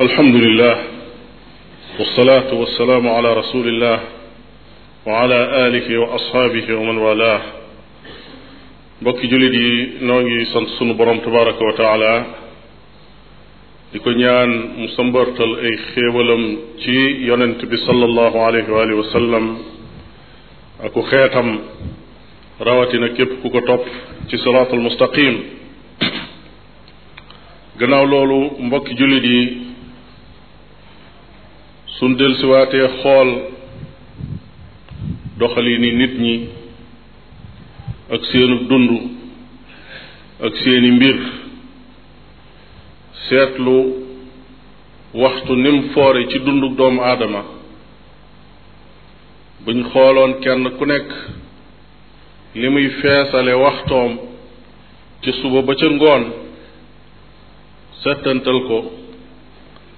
alhamdulilah wasalaatu wasalaamu ala rasulillah wa ala alihi wa ashaabihi wa man walaah mbokki jullit yi noo ngi sant sunu borom tabaraka wa taala di ko ñaan mu sambartal ay xéewalam ci yonent bi sallallahu alayhi wa alihi wa sallam aku xeetam rawatina képp ku ko topp ci siraatul mustaqim gannaaw loolu mbokki jullit yi suñ dellusiwaatee xool doxali ni nit ñi ak seenu dund ak seeni mbir seetlu waxtu nim foore ci dundu doomu aadama buñ xooloon kenn ku nekk li muy feesale waxtoom ci suba ba ca ngoon settantal ko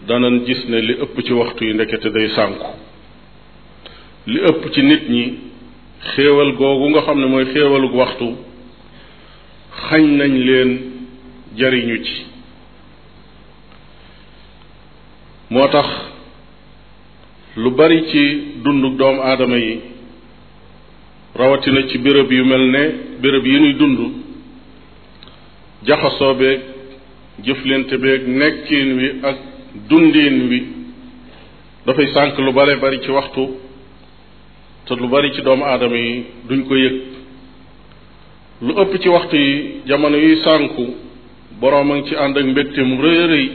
danañ gis ne li ëpp ci waxtu yi ndekete day sànku li ëpp ci nit ñi xéewal googu nga xam ne mooy xéewalug waxtu xañ nañ leen jariñu ci moo tax lu bari ci dundu doomu aadama yi rawatina ci béréb yu mel ne béréb yi nuy dund jaxasoo beeg jëflante beeg nekkin wi ak dundin wi dafay sànq lu bare bari ci waxtu te lu bari ci doomu aadama yi duñ ko yëg lu ëpp ci waxtu yi jamono yuy sànku boroom a ci ànd ak mbégte mu rëy a rëy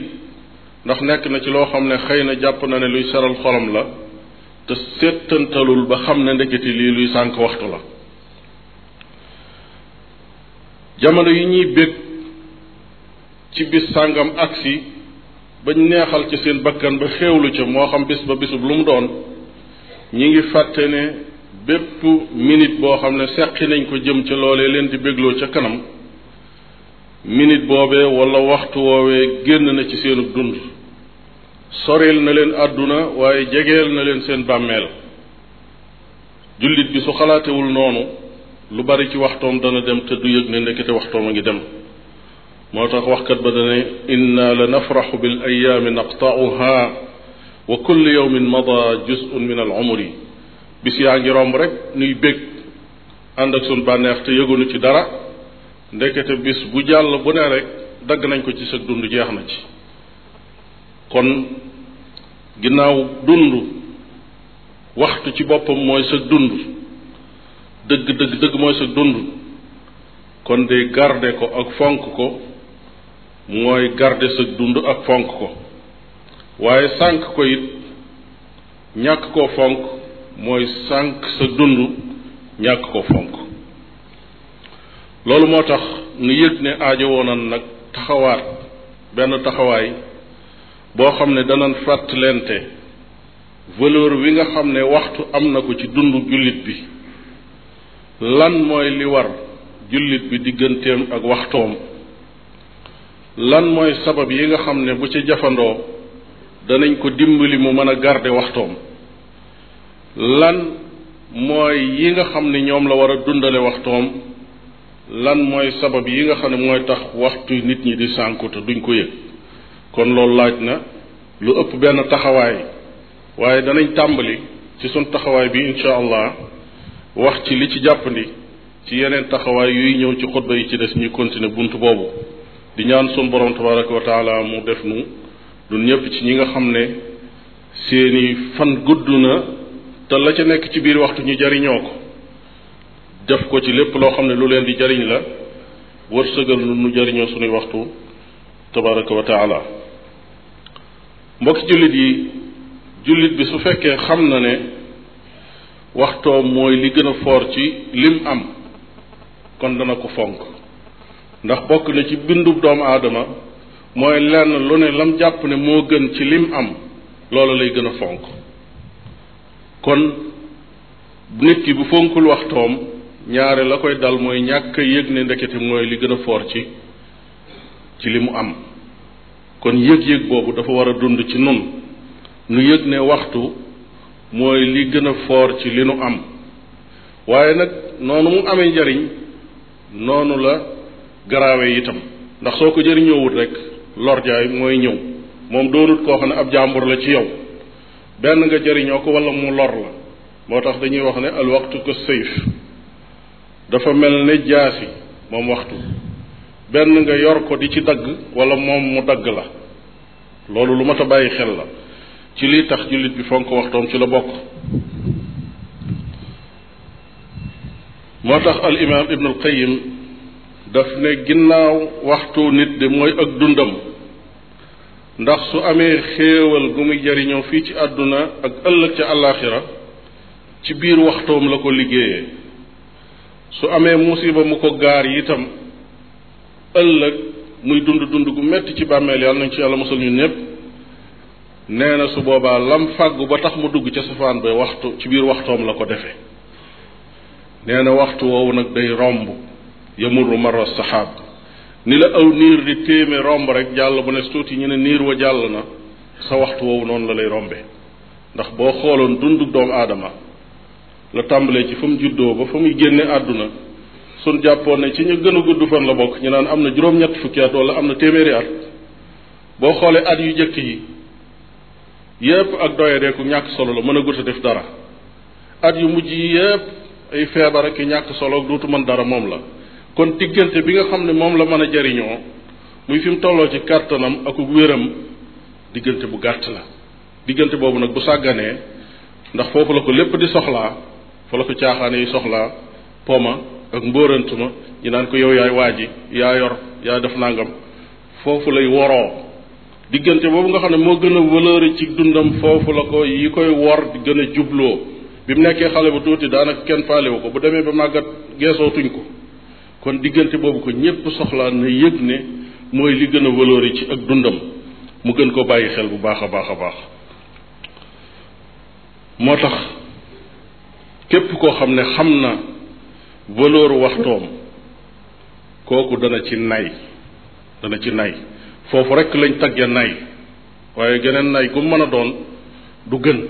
ndax nekk na ci loo xam ne xëy na jàpp na ne luy seral xolam la te séttantalul ba xam ne ndeketi lii luy sànq waxtu la jamono yi ñuy bég ci bis sàngam agsi bañ neexal ci seen bakkan ba xéewlu ca moo xam bis ba bisub lu mu doon ñi ngi fàtte ne bépp minit boo xam ne seqi nañ ko jëm ca loolee leen di bégloo ca kanam minit boobee wala waxtu woowee génn na ci seenu dund soreel na leen àdduna waaye jegeel na leen seen bàmmeel jullit bi su xalaatewul noonu lu bari ci waxtoom dana dem te du yëg ne ndekete waxtoom a ngi dem moo tax waxkat ba dane inna la nafraxu bil ayaami naqtauha wa kulli yawmin mada juzun min al umri bis yaa ngi romb rek nuy bég ànd ak sun bànneex te yëgunu ci dara ndekete bis bu jàll bu ne rek dagg nañ ko ci sa dund jeex na ci kon ginnaaw dund waxtu ci boppam mooy sa dund dëgg dëgg dëgg mooy sa dund kon de garde ko ak fonk ko mooy garder sa dund ak fonk ko waaye sànq ko it ñàkk koo fonk mooy sànq sa dund ñàkk koo fonk loolu moo tax nu yëg ne aajo woonan nag taxawaat benn taxawaay boo xam ne danañ fàttalente valeur wi nga xam ne waxtu am na ko ci dund jullit bi lan mooy li war jullit bi digganteem ak waxtoom lan mooy sabab yi nga xam ne bu ci jafandoo danañ ko dimbali mu mën a garder waxtoom lan mooy yi nga xam ne ñoom la war a dundale waxtoom lan mooy sabab yi nga xam ne mooy tax waxtu nit ñi di sànku duñ ko yëg kon loolu laaj na lu ëpp benn taxawaay waaye danañ tàmbali ci suñ taxawaay bi incha allah wax ci li ci jàppandi ci yeneen taxawaay yuy ñëw ci xutba yi ci des ñu continuer bunt boobu di ñaan sunu borom tabaraka wa mu def nu ñun ñëpp ci ñi nga xam ne seeni fan gudd na te la ca nekk ci biir waxtu ñu jariñoo ko def ko ci lépp loo xam ne lu leen di jariñ la wërsëgal nu nu jariñoo sunuy waxtu tabaraka wa taala mbokki jullit yi jullit bi su fekkee xam na ne waxtoom mooy li gën a foor ci lim am kon dana ko fonk ndax bokk na ci bindu doomu aadama mooy lenn lu ne lam jàpp ne moo gën ci lim am loolu lay gën a fonk kon nit ki bu fonkul waxtoom ñaare la koy dal mooy ñàkk a yëg ne ndekete mooy li gën a foor ci ci li mu am kon yëg-yëg boobu dafa war a dund ci nun nu yëg ne waxtu mooy li gën a foor ci li nu am waaye nag noonu mu amee njariñ noonu la garaawee itam ndax soo ko jëriñoowut rek lor jaay mooy ñëw moom doonut koo xam ne ab jàmbur la ci yow benn nga jëriñoo ko wala mu lor la moo tax dañuy wax ne al waxtu ko sayf dafa mel ne jaasi moom waxtu benn nga yor ko di ci dagg walla moom mu dagg la loolu lu mat a bàyyi xel la ci lii tax jullit bi fonk waxtoom ci la bokk moo tax al imaam ibnul qayim daf ne ginnaaw waxtu nit di mooy ak dundam ndax su amee xéewal gu muy jariñoo fii ci àdduna ak ëllëg ca àllaaxira ci biir waxtoom la ko liggéeyee su amee musiba mu ko gaar itam ëllëg muy dund dund gu metti ci bàmmeel yàlla nañ ci yàlla mosal ñu ñépp nee na su boobaa lam fàggu ba tax mu dugg ca safaan ba waxtu ci biir waxtoom la ko defe nee waxtu woowu nag day romb yamurru marra saxaab ni la aw niir di téeme romb rek jàll bu ne tuuti ñu ne niir wa jàll na sa waxtu woowu noonu la lay rombe ndax boo xooloon dundu doomu aadama la tàmbalee ci fa mu juddoo ba fa muy génne àdduna sun jàppoon ne ci ñu gën a gudd fan la bokk ñu naan am na juróom-ñett fukki at wala am na téeméeri at boo xoolee at yu jëkk yi yépp ak doyadeeku ñàkk solo la mën a gudd a def dara at yu mujj yi yépp ay feebar ak ñàkk solo ak dootu mën dara moom la kon diggante bi nga xam ne moom la mën a jariñoo muy fi tolloo ci kàttanam ak wéram diggante bu gàtt la diggante boobu nag bu sàgganee ndax foofu la ko lépp di soxlaa fa la ko caaxaane yi soxlaa poma ak mbóorant ma ñu naan ko yow yaay waa ji yaa yor yaay def nàngam foofu lay woroo diggante boobu nga xam ne moo gën a valeur ci dundam foofu la ko yi koy wor di gën a jubloo bi mu nekkee xale bu tuuti daanaka kenn faalewu ko bu demee ba màggat geesootuñ ko kon diggante boobu ko ñépp soxlaan na yëg ne mooy li gën a valori ci ak dundam mu gën ko bàyyi xel bu baax a baax a baax moo tax képp koo xam ne xam na valeur waxtoom kooku dana ci nay dana ci nay foofu rek lañ tagge nay waaye geneen nay ku mën a doon du gën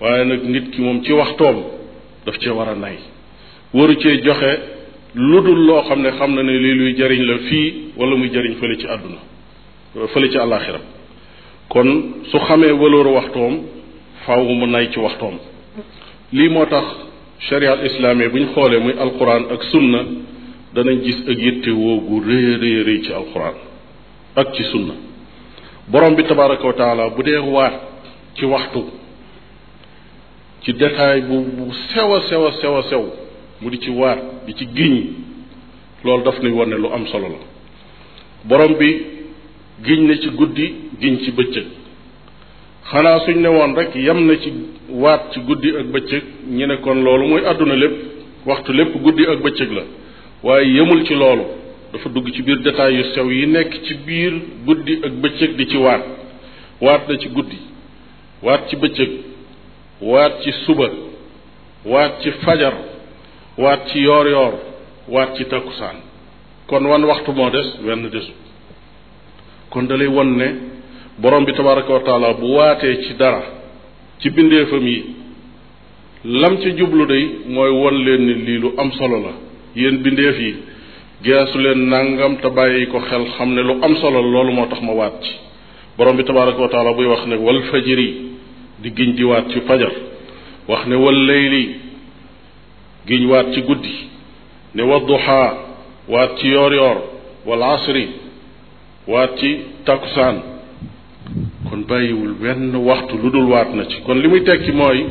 waaye nag nit ki moom ci waxtoom daf cee war a nay waru cee joxe lu dul loo xam ne xam na ne lii luy jariñ la fii wala muy jariñ fële ci àdduna fële ci àllaaxira kon su xamee walooru waxtoom faaw mu nay ci waxtoom lii moo tax chariat islaamee bu ñu xoolee muy alquran ak sunna danañ gis ak yitte woogu rëy rëy ci alquran ak ci sunna borom bi tabaraka wa bu dee waat ci waxtu ci détail bu bu sewa sewa sew sew mu di ci waat di ci giñ loolu daf nuy wane lu am solo la borom bi giñ na ci guddi giñ ci bëccëg xanaa suñ ne woon rek yem na ci waat ci guddi ak bëccëg ñu nekkoon loolu mooy àdduna lépp waxtu lépp guddi ak bëccëg la waaye yemul ci loolu dafa dugg ci biir détails yu sew yi nekk ci biir guddi ak bëccëg di ci waat waat na ci guddi waat ci bëccëg waat ci suba waat ci fajar waat ci yoor yoor waat ci takkusaan kon wan waxtu moo des wenn desu kon dalay won ne borom bi tabaraka wa bu waatee ci dara ci bindeefam yi lam ci jublu day mooy won leen ni lii lu am solo la yéen bindeef yi geesu leen nangam te bàyyi ko xel xam ne lu am solo la loolu moo tax ma waat ci borom bi tabaraka wa buy wax ne wal fajiri di giñ di waat ci fajar wax ne wal layli giñ waat ci guddi ne wadduhaa waat ci yoor yoor wal asri waat ci takkusaan kon bàyyiwul benn waxtu lu dul waat na ci kon li muy tekki mooy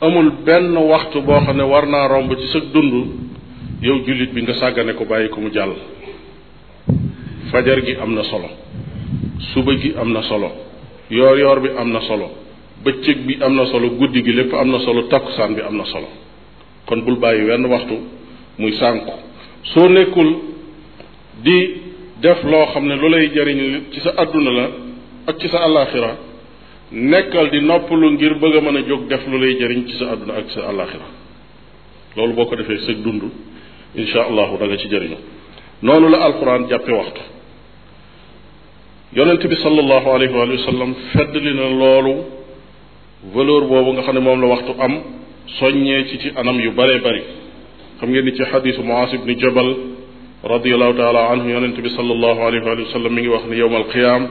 amul benn waxtu boo xam ne war naa romb ci sa dund yow jullit bi nga sàggane ko bàyyi ko mu jàll fajar gi am na solo suba gi am na solo yoor yoor bi am na solo bëccëg bi am na solo guddi gi lépp am na solo takkusaan bi am na solo kon bul bàyyi wenn waxtu muy sànku soo nekkul di def loo xam ne lu lay jariñ ci sa àdduna la ak ci sa àllaaxira nekkal di noppalu ngir bëgg a mën a jóg def lu lay jariñ ci sa àdduna ak sa àllaaxira loolu boo ko defee sëg dund insha allahu da ci jariñu noonu la alquran jàppe waxtu yonent bi sallallahu alayhi wa sallam fedd li na loolu valeur boobu nga xam ne moom la waxtu am soññee ci ci anam yu bare bari xam ngeen ni ci xadisu Muaas ibni Jabal radiallahu taala anhu yonente bi sallallahu alayhi wa sallam mu ngi wax ni yowmal qiyaam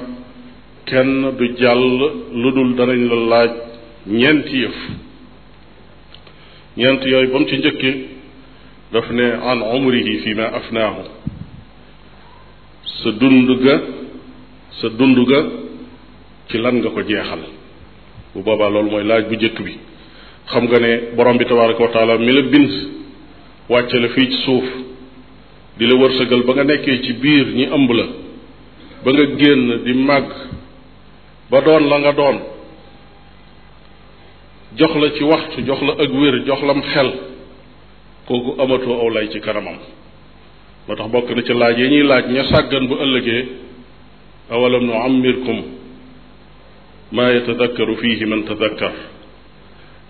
kenn du jàll lu dul danañ la laaj ñeenti yëf ñeent yooyu ba ci njëkke daf ne an umrihi fi ma afnaahu sa dund ga sa dund ga ci lan nga ko jeexal bu boobaa loolu mooy laaj bu njëkk bi xam nga ne borom bi tabaraka wa mi la bind wàcce la fii ci suuf di la wërsëgal ba nga nekkee ci biir ñi ëmb la ba nga génn di màgg ba doon la nga doon jox la ci waxtu jox la ak wér jox lam xel kooku amatoo aw lay ci kanamam moo tax bokk na ci laaj yi ñuy laaj ña sàggan bu ëllëgee awalam nu ammirkum maa yatadakkaru fiihi man tadakkar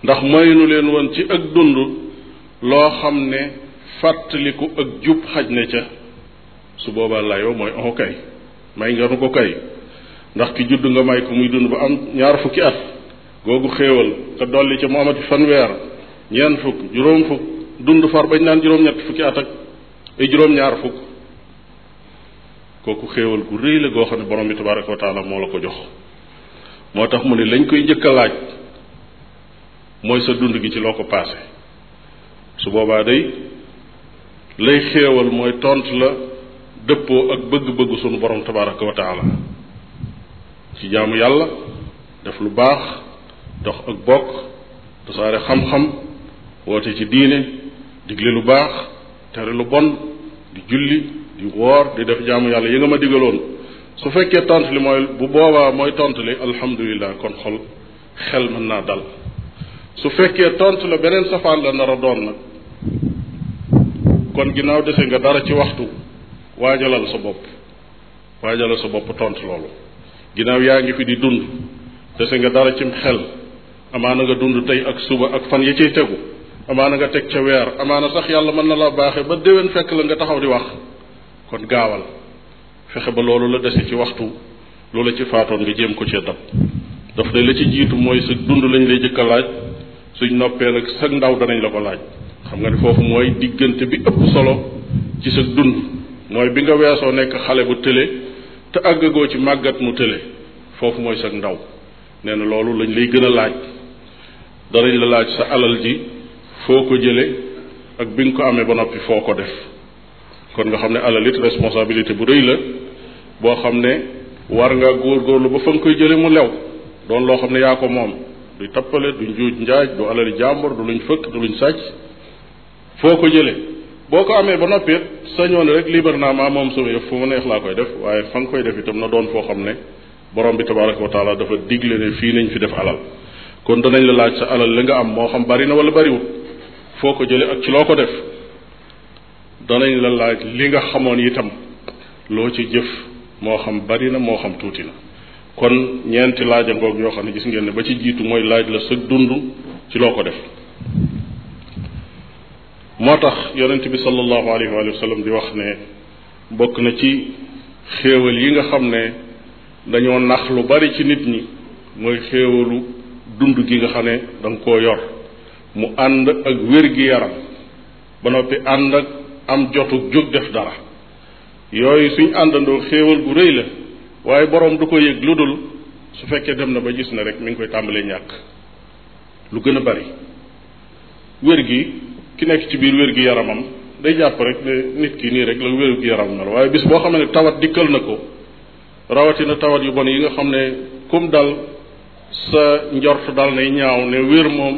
ndax maynu leen woon ci ak dund loo xam ne fàttaliku ak jub xaj ne ca su boobaa la yow mooy on oh kay may nga nu ko kay ndax ki judd nga may ko muy dund ba am ñaar fukki at googu xéewal nga dolli ca mu amati ñeent fukk juróom fukk far bañ naan juróom fukki at ak ay juróom-ñaar fukk kooku xéewal gu rëy la goo xam ne borom bi tabaraka wa moo la ko jox moo tax mu ne lañ koy njëkk a laaj mooy sa dund gi ci loo ko paase su boobaa day lay xéewal mooy tontu la dëppoo ak bëgg-bëgg sunu borom tabaraka wa taala ci jaamu yàlla def lu baax dox ak bokk tasaare xam-xam woote ci diine digle lu baax tere lu bon di julli di woor di def jaamu yàlla yi nga ma digaloon su fekkee tont li mooy bu boobaa mooy tont li alhamdulilah kon xol xel mën naa dal su fekkee tont la beneen safaan la nar a doon nag kon ginnaaw dese nga dara ci waxtu waajalal sa bopp waajalal sa bopp tontu loolu ginnaaw yaa ngi fi di dund dese nga dara ci xel amaana nga dund tey ak suba ak fan yi ciy tegu amaana nga teg ca weer amaana sax yàlla mën na laa baaxee ba déwén fekk la nga taxaw di wax kon gaawal fexe ba loolu la dese ci waxtu loola ci faatoon nga jéem ko cee dab daf lay la ci jiitu mooy sa dund lañ lay jëkk a laaj suñ noppee nag sag ndaw danañ la ko laaj xam nga ne foofu mooy diggante bi ëpp solo ci sa dund mooy bi nga weesoo nekk xale bu tële te àggagoo ci màggat mu tële foofu mooy sag ndaw nee na loolu lañ lay gën a laaj danañ la laaj sa alal ji foo ko jële ak bi nga ko amee ba noppi foo ko def kon nga xam ne alal it responsabilité bu rëy la boo xam ne war ngaa góorlu ba fa nga koy jële mu lew doon loo xam ne yaa ko moom du tappale du njuuj njaaj du alali jàmbur du luñ fëkk du luñ sàcc foo ko jëlee boo ko amee ba noppi it sañoon rek libre naa maa moom sama yëf fu ma neex laa koy def waaye fa nga koy def itam na doon foo xam ne borom bi tabaraka wa taala dafa digle ne fii nañ fi def alal kon danañ la laaj sa alal li nga am moo xam bari na wala bariwut foo ko jëlee ak ci loo ko def danañ la laaj li nga xamoon itam loo ci jëf moo xam bari na moo xam tuuti na kon ñeenti laaja a ngoog yoo xam ne gis ngeen ne ba ci jiitu mooy laaj la sa dund ci loo ko def moo tax yonent bi sallallahu alayhi wa sallam di wax ne bokk na ci xéewal yi nga xam ne dañoo nax lu bari ci nit ñi mooy xéewalu dund gi nga xam ne da koo yor mu ànd ak wér gi yaram ba noppi ànd ak am jotu jóg def dara yooyu suñ àndandoo xéewal bu rëy la waaye boroom du ko yëg lu dul su fekkee dem na ba gis na rek mu ngi koy tàmbalee ñàkk lu gën a bari wér gi ki nekk ci biir wér gi yaramam day jàpp rek nit ki nii rek la wér gi yaram mel waaye bis boo xam ne tawat dikkal na ko rawatina tawat yu bon yi nga xam ne kum dal sa njort dal nay ñaaw ne wér moom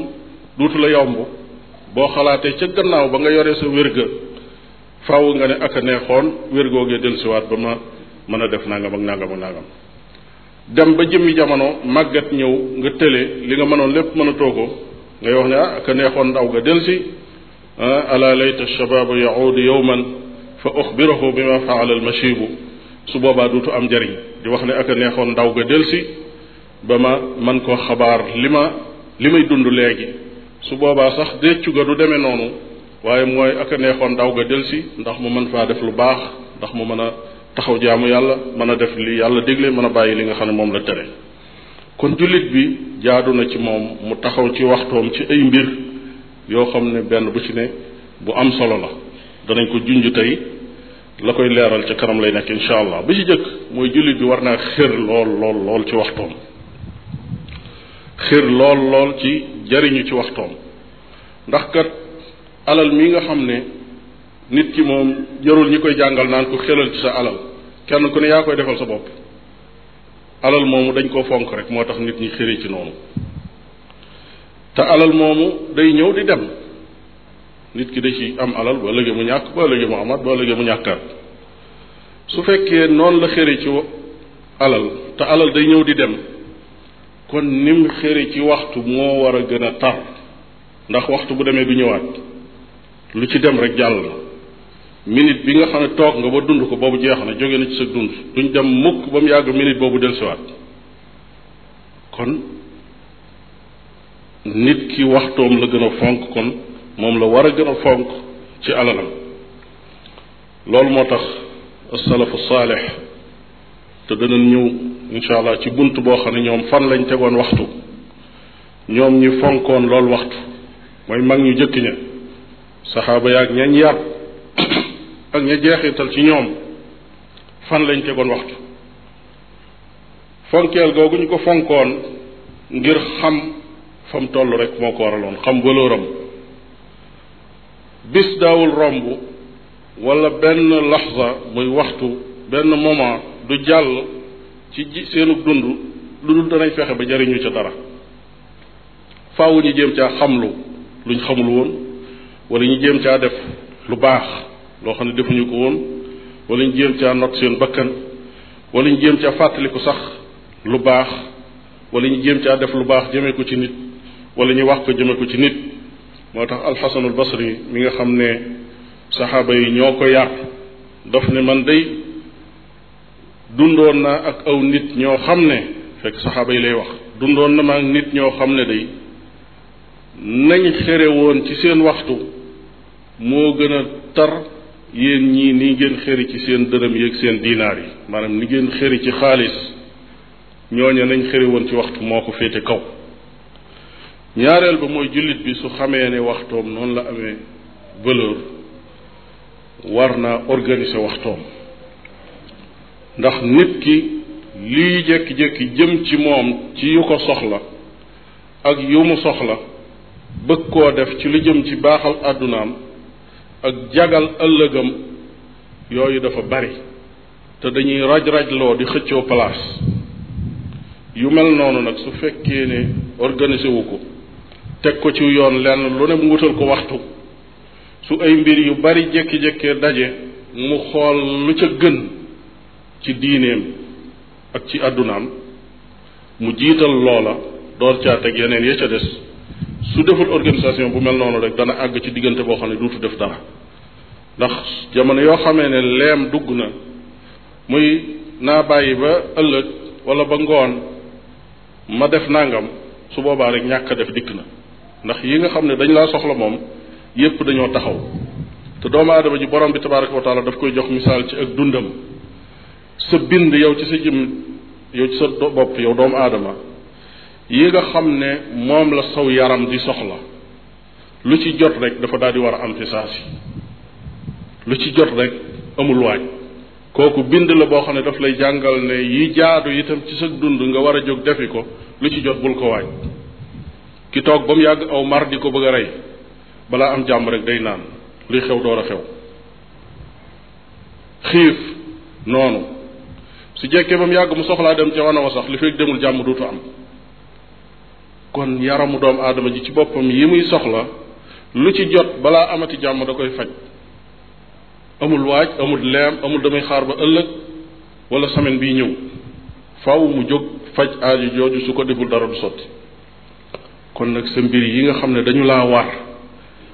duutu la yomb boo xalaatee ca gannaaw ba nga yoree sa wér ga faaw nga ne ak a neexoon wér googee dellusiwaat ba ma mën a def nangam ak nangam ak nangam dem ba jëmmi jamono màggat ñëw nga tële li nga mënoon lépp mënatoo ko ngay wax ne ah neexoon ndaw nga delsi ala ah, layta shabaaba yaudu yowman fa uxbirahu bi ma faala su boobaa duutu am njariñ di wax ne ak ah, a neexoon ndaw nga delsi ba ma man koo xabaar li ma li may dund léegi su boobaa sax déccu ga du demee noonu waaye mooy ak ah, a neexoon ndaw nga delsi ndax mu mën faa def lu baax ndax mu mën a taxaw jaamu yàlla mën a def li yàlla digle mën a bàyyi li nga xam ne moom la tere kon jullit bi jaadu na ci moom mu taxaw ci waxtoom ci ay mbir yoo xam ne benn bu ci ne bu am solo la danañ ko junj tey la koy leeral ca kanam lay nekk incha allah bi ci jëkk mooy jullit bi war naa xér lool lool lool ci waxtoom xér lool lool ci jariñu ci waxtoom ndax kat alal mi nga xam ne nit ki moom jarul ñi koy jàngal naan ko xelal ci sa alal kenn ku ne yaa koy defal sa bopp alal moomu dañ koo fonk rek moo tax nit ñi xëri ci noonu te alal moomu day ñëw di dem nit ki da ci am alal ba léegi mu ñàkk ba léegi mu amaat ba léegi mu ñàkkaat su fekkee noonu la xëri ci alal te alal day ñëw di dem kon nim xëri ci waxtu moo war a gën a tar ndax waxtu bu demee du ñëwaat lu ci dem rek jàll minute bi nga xam ne toog nga ba dund ko boobu jeex na jóge na ci sa dund duñ dem mukk ba mu yàgg minute boobu dellusiwaat kon nit ki waxtoom la gën a fonk kon moom la war a gën a fonk ci alalam loolu moo tax asalafu saalix te danañ ñëw incha allah ci bunt boo xam ne ñoom fan lañ tegoon waxtu ñoom ñi fonkoon loolu waxtu mooy mag ñu jëkk ña saxaaba yaag ñañ yar ak ña jeexital ci ñoom fan lañ tegoon waxtu fonkeel googu ñu ko fonkoon ngir xam fa mu toll rek moo ko waraloon xam valeuram bis daawul romb wala benn laxza muy waxtu benn moment du jàll ci seenu dund lu dul danañ fexe ba jariñu ca dara faaw ñu jéem ca xamlu luñ xamul woon wala ñu jéem caa def lu baax loo xam ne defuñu ko woon wala ñu jéem caa not seen bakkan wala ñu jéem caa fàttaliku sax lu baax wala ñu jéem caa def lu baax jëmee ko ci nit wala ñu wax ko jëmee ko ci nit moo tax alxasanul basri mi nga xam ne saxaaba yi ñoo ko yàq daf ne man day dundoon naa ak aw nit ñoo xam ne fekk saxaaba yi lay wax dundoon na ma nit ñoo xam ne day nañ xere woon ci seen waxtu moo gën a tar yéen ñii ni ngeen xëri ci seen dërëm yeeg seen dinaar yi maanaam ni ngeen xëri ci xaalis ñooña nañ xëri woon ci waxtu moo ko féete kaw ñaareel ba mooy jullit bi su xamee ne waxtoom noonu la amee valeur war na organiser waxtoom ndax nit ki lii jékki-jékki jëm ci moom ci yu ko soxla ak yu mu soxla bëgg koo def ci lu jëm ci baaxal àddunaam ak jagal ëllëgam yooyu dafa bari te dañuy raj-rajloo di xëccoo place yu mel noonu nag su fekkee ne organisé wu ko teg ko ci yoon lenn lu ne mu wutal ko waxtu su ay mbir yu bari jékki-jékkee daje mu xool lu ca gën ci diineem ak ci àddunaam mu jiital loola door caa teg yeneen ya ca des su deful organisation bu mel noonu rek dana àgg ci diggante boo xam ne duutu def dara ndax jamono yoo xamee ne leem dugg na muy naa bàyyi ba ëllëg wala ba ngoon ma def nangam su boobaa rek ñàkk def dikk na ndax yi nga xam ne dañ laa soxla moom yépp dañoo taxaw te doomu aadama ji borom bi tabaraka wa taala daf koy jox misaal ci ak dundam sa bind yow ci sa jëm yow ci sa bopp yow doomu aadama yi nga xam ne moom la saw yaram di soxla lu ci jot rek dafa daal di war a am ci saa si lu ci jot rek amul waañ kooku bind la boo xam ne daf lay jàngal ne yi jaadu itam ci sa dund nga war a jóg defi ko lu ci jot bul ko waaj ki toog ba mu yàgg aw mar di ko bëgg a rey balaa am jàmm rek day naan luy xew door a xew xiif noonu su jekkee ba mu yàgg mu soxlaa dem ca wana wa sax li fekk demul jàmm duutu am kon yaramu doomu aadama ji ci boppam yi muy soxla lu ci jot balaa amati jàmm da koy faj amul waaj amul leem amul damay xaar ba ëllëg wala semaine bii ñëw faaw mu jóg faj aaju jooju su ko deful dara du sotti kon nag sa mbir yi nga xam ne dañu laa war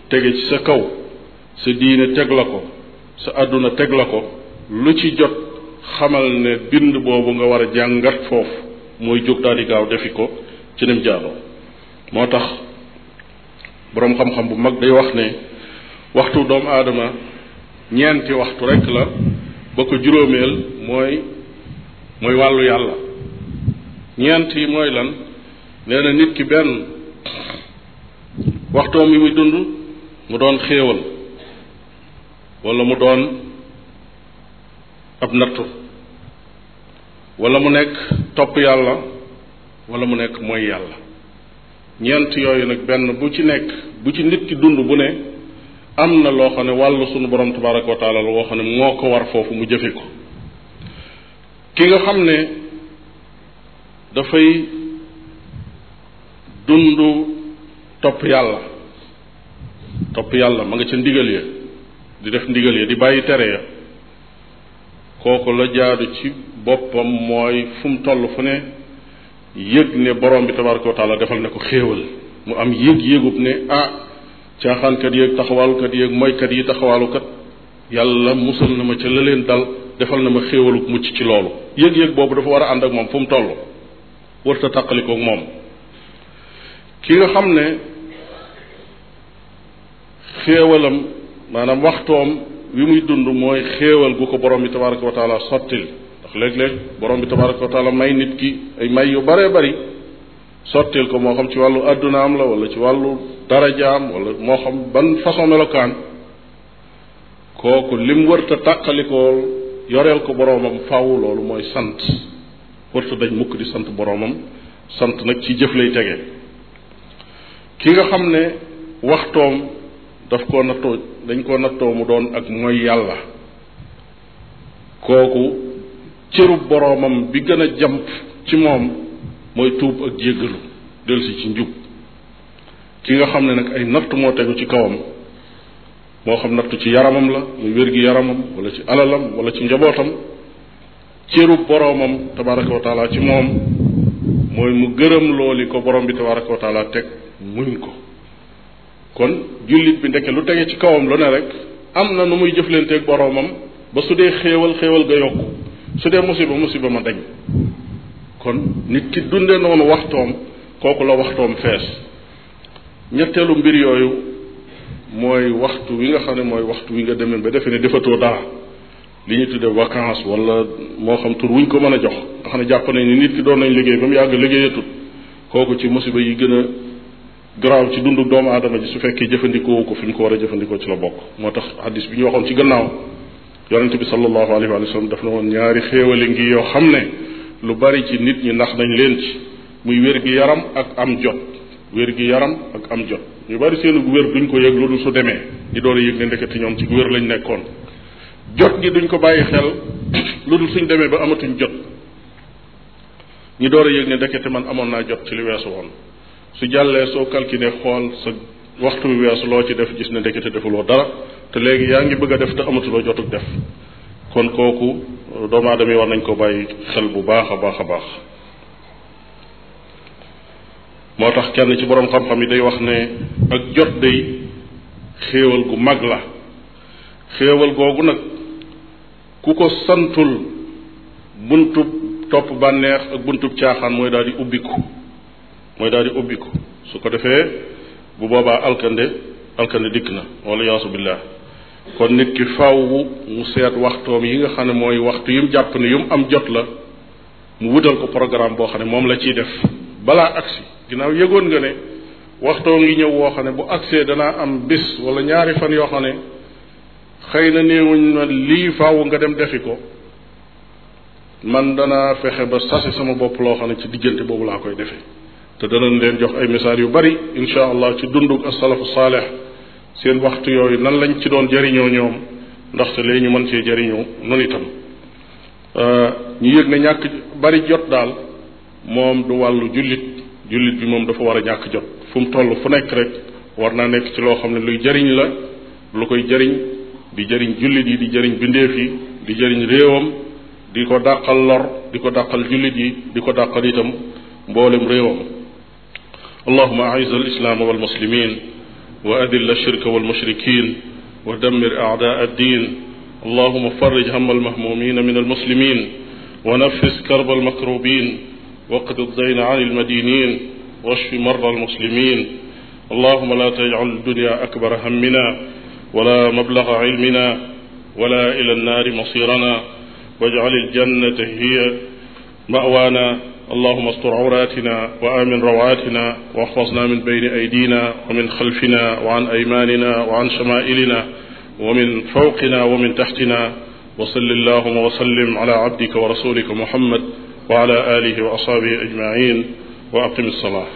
tege ci sa kaw sa diine teg la ko sa àdduna teg la ko lu ci jot xamal ne bind boobu nga war a jàngat foofu mooy jóg daal di gaaw defi ko ci nem jaanoo moo tax boroom xam-xam bu mag day wax ne waxtu doom aadama ñeenti waxtu rekk la ba ko juróomeel mooy mooy wàllu yàlla ñeent yi mooy lan nee na nit ki benn waxtoom yi muy dund mu doon xéewal wala mu doon ab nattu wala mu nekk topp yàlla wala mu nekk mooy yàlla ñeent yooyu nag benn bu ci nekk bu ci nit ki dund bu ne am na loo xam ne wàllu sunu borom tabaraka wa taala la woo xam ne moo ko war foofu mu jëfe ko ki nga xam ne dafay dund topp yàlla topp yàlla mu nga ca ndigal ya di def ndigal ya di bàyyi tere ya kooku la jaadu ci boppam mooy fu mu toll fu ne yëg ne borom bi tabaraka wa taala defal na ko xéewal mu am yëg-yëgub ne ah caaxaankat yéeg taxawaalukat yéeg moykat yi taxawaalukat yàlla musal na ma ci la leen dal defal na ma xéewalu mucc ci loolu yëg-yëg boobu dafa war a ànd ak moom fu mu toll warta tàqalikoog moom ki nga xam ne xéewalam maanaam waxtoom wi muy dund mooy xéewal gu ko borom bi tabaraka wa taala sottil léeg borom bi tabaraka wa may nit ki ay may yu baree bari sottil ko moo xam ci wàllu àdduna am la wala ci wàllu darajaam wala moo xam ban façon melokaan kooku lim wërta tàqalikoo yoreel ko boroomam faaw loolu mooy sant wërta dañ mukk di sant boroomam sant nag ci jëf lay tege ki nga xam ne waxtoom daf koo nattoo dañ ko nattoo mu doon ak mooy yàlla kooku cërub boroomam bi gën a jamp ci moom mooy tuub ak jéggalu dellusi ci njub ki nga xam ne nag ay natt moo tegu ci kawam moo xam nattu ci yaramam la muy wér-gi yaramam wala ci alalam wala ci njabootam cërub boroomam tabaraka wa taala ci moom mooy mu gërëm looli ko borom bi tabaraka wa teg muñ ko kon jullit bi ndeke lu tege ci kawam lu ne rek am na nu muy jëf leen jëflanteeg boroomam ba su dee xéewal xéewal ga yokku su dee musiba musiba ma dañ kon nit ki dunde noonu waxtoom kooku la waxtoom fees ñetteelu mbir yooyu mooy waxtu wi nga xam ne mooy waxtu wi nga demee ba defe ne defatoo dara li ñu tuddee vacance wala moo xam tur wuñ ko mën a jox nga xam ne jàpp nañ ni nit ki doon nañ liggéey ba mu yàgg liggéeyatut kooku ci musiba yi gën a garaaw ci dundu doomu aadama ji su fekkee jëfandikoo ko fi ñu ko war a jëfandikoo ci la bokk moo tax hadis bi ñu waxoon ci gannaaw yonente bi sallallahu alayhi wa sallam daf na woon ñaari xéewale ngi yoo xam ne lu bari ci nit ñi ndax nañ leen ci muy wér gi yaram ak am jot wér gi yaram ak am jot ñu bari seenu wér duñ ko yëg su demee di door a yëg ne ñoom ci wér lañ nekkoon jot gi ko bàyyi lu dul suñ demee ba amatuñ jot ñu door a yëg ne ndekete man amoon naa jot ci li weesu woon su jàllee soo calculé xool sa waxtu wi weesu loo ci def gis ne ndekete defuloo dara te léegi yaa ngi bëgg a def te amatuloo jotug def kon kooku doomu aadama yi war nañ ko bàyyi xel bu baax a baax a baax moo tax kenn ci boroom xam-xam yi day wax ne ak jot day xéewal gu mag la xéewal googu nag ku ko santul buntub topp bànneex ak buntub caaxaan mooy daal di ubbiku mooy daal di ubbiku su ko defee bu boobaa alkande alkande dikk na walla yaasu billah kon nit ki faaw mu seet waxtoom yi nga xam ne mooy waxtu yum jàpp ne yum am jot la mu wutal ko programme boo xam ne moom la ciy def balaa agsi ginnaaw yëgoon nga ne waxtoo ngi ñëw woo xam ne bu agsee danaa am bis wala ñaari fan yoo xam ne xëy na néewuñ lii faaw nga dem defi ko man danaa fexe ba sase sama bopp loo xam ne ci diggante boobu laa koy defe te danañ leen jox ay messages yu bari incha allah ci dundug asalafu saaleh seen waxtu yooyu nan lañ ci doon jariñoo ñoom ndaxte lee ñu mën see jariñoo nun itam euh, ñu yëg ne ñàkk bari jot daal moom du wàllu jullit jullit bi moom dafa war a ñàkk jot fu mu toll fu nekk rek war naa nekk ci loo xam ne luy jariñ la lu koy jariñ di jariñ jullit yi di jariñ bindeef yi di jariñ réewam di ko dàqal lor di ko dàqal jullit yi di ko dàqal itam mboolem réewam allahuma aiza al islaama wal muslimin وأذل الشرك والمشركين ودمر أعداء الدين اللهم فرج هم المهمومين من المسلمين ونفس كرب المكروبين واقض الدين عن المدينين واشف مرضى المسلمين اللهم لا تجعل الدنيا أكبر همنا ولا مبلغ علمنا ولا إلى النار مصيرنا واجعل الجنة هي مأوانا allahuma astur awratina wa amin rawaatina wa axfasna min bayni aydina wa min xalfina wa an aymanina wa an shamaailina wa min fawqina wa min taxtina wa salli allahuma wa sallim ala abdika wa rasulika muhammad wa ala alihi wa ashaabihi ajmain wa aqim alsalaa